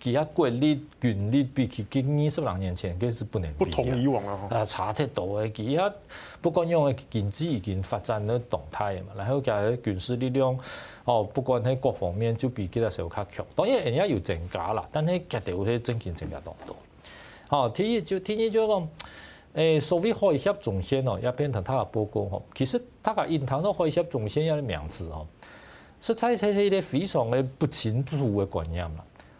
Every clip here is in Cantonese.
其一國力、軍力，比起今年十零年前，佢是不能。不同以往啊，啊，查差太多嘅。佢不管因為經濟已經發展的動態嘛，然後加個軍事力量，哦，不管喺各方面就比其他時候較強。當然，人家又增加啦，但係佢有會增進增加多唔多？哦，第二就第二就講，誒、欸，所謂海峽中線哦，也、啊、變成他嘅報告。其實，他嘅印堂都海峽中線，有啲名詞哦，實在係係啲非常嘅不清不楚嘅觀念啦。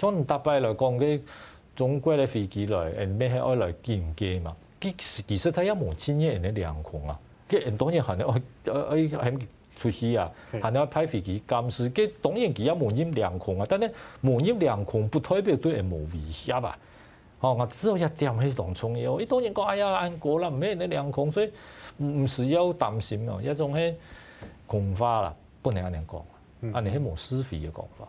從搭配來講，嘅中國嘅飛機來，誒咩係愛來見機嘛？佢其實睇一萬千億人嘅量控啊，佢當然係你愛愛喺出市啊，係愛派飛機監視，佢當然佢一萬億量控啊。但係萬億量控不代表對係無威脅啊。哦，我 只有一點喺當中嘅，我當然講，哎呀，安過啦，唔係你量控，所以唔唔需要擔心啊，一種係恐慌啦，不能咁講啊，係冇思維嘅講法。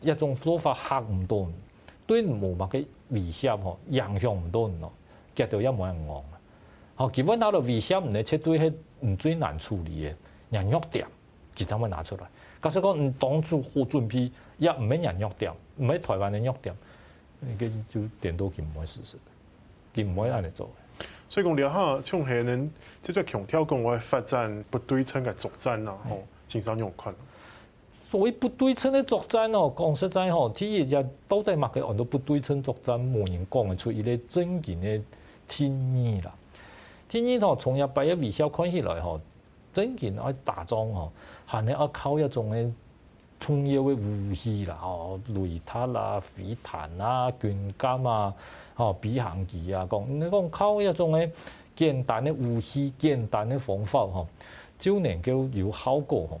一種做法嚇唔到你，對你冇乜嘅威脅嗬，影響唔到你咯，腳度一冇人戇啊！好，基本到咗威脅唔係，且對啲唔最難處理嘅人肉店，佢就咪拿出嚟。假設講你當初好準備，亦唔係人肉店，唔係台灣嘅肉店，佢就點都唔會實施，佢唔會咁樣做。所以講你嚇，從係呢，即係強調講我發展不對稱嘅作戰啦，哦，先生有冇看？ 所謂不對稱的作戰哦，講實在吼，天育也都在擘嘅按照不對稱作戰。無人講嘅出一個真勁的天意啦。天意佢從一百一微笑看起來吼，真勁啊！打仗吼，係你一靠一種的專業的武器啦，吼，雷達啦、飛彈啊、軍艦啊、吼，飛行機啊，講你講靠一種的簡單的武器、簡單的方法，吼，就能夠有效果吼。